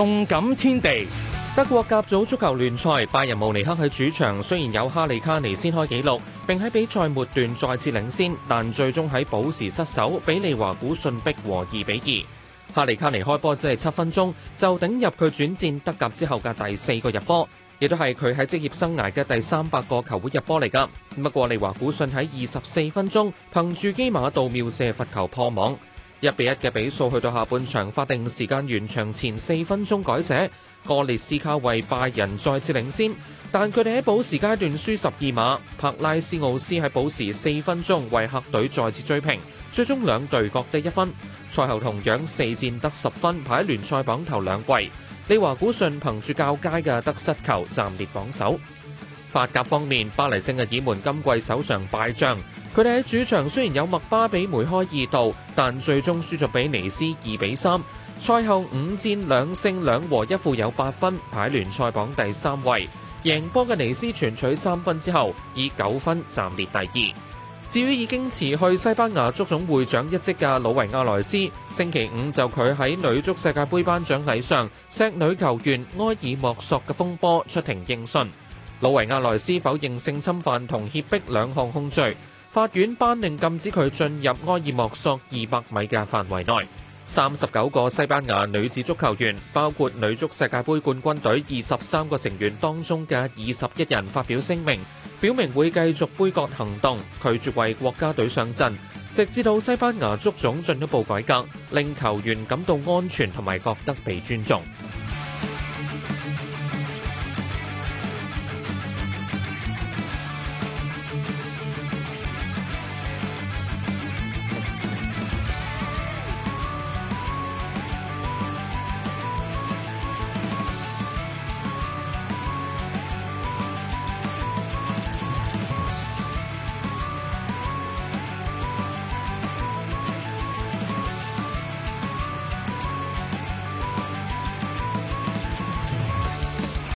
動感天地，德國甲組足球聯賽，拜仁慕尼黑喺主場，雖然有哈利卡尼先開紀錄，並喺比賽末段再次領先，但最終喺補時失守，比利華古遜逼和二比二。哈利卡尼開波只係七分鐘就頂入佢轉戰德甲之後嘅第四個入波，亦都係佢喺職業生涯嘅第三百個球會入波嚟噶。不過利華古遜喺二十四分鐘憑住基馬道妙射罰球破網。一比一嘅比數去到下半場法定時間完場前四分鐘改寫，哥列斯卡為拜仁再次領先，但佢哋喺補時階段輸十二碼。柏拉斯奧斯喺補時四分鐘為客隊再次追平，最終兩隊各得一分。賽後同樣四戰得十分，排喺聯賽榜頭兩位。利華古遜憑住較佳嘅得失球暫列榜首。法甲方面，巴黎聖日耳門今季首場敗仗。佢哋喺主場雖然有麥巴比梅開二度，但最終輸咗俾尼斯二比三。賽後五戰兩勝兩和一負有，有八分排聯賽榜第三位。贏波嘅尼斯全取三分之後，以九分暫列第二。至於已經辭去西班牙足總會長一職嘅魯維亞萊斯，星期五就佢喺女足世界盃頒獎禮上錫女球員埃爾莫索嘅風波出庭應訊。魯維亞萊斯否認性侵犯同脅迫兩項控罪。法院頒令禁止佢進入埃爾莫索二百米嘅範圍內。三十九個西班牙女子足球員，包括女足世界杯冠軍隊二十三個成員當中嘅二十一人，發表聲明，表明會繼續杯葛行動，拒絕為國家隊上陣，直至到西班牙足總進一步改革，令球員感到安全同埋覺得被尊重。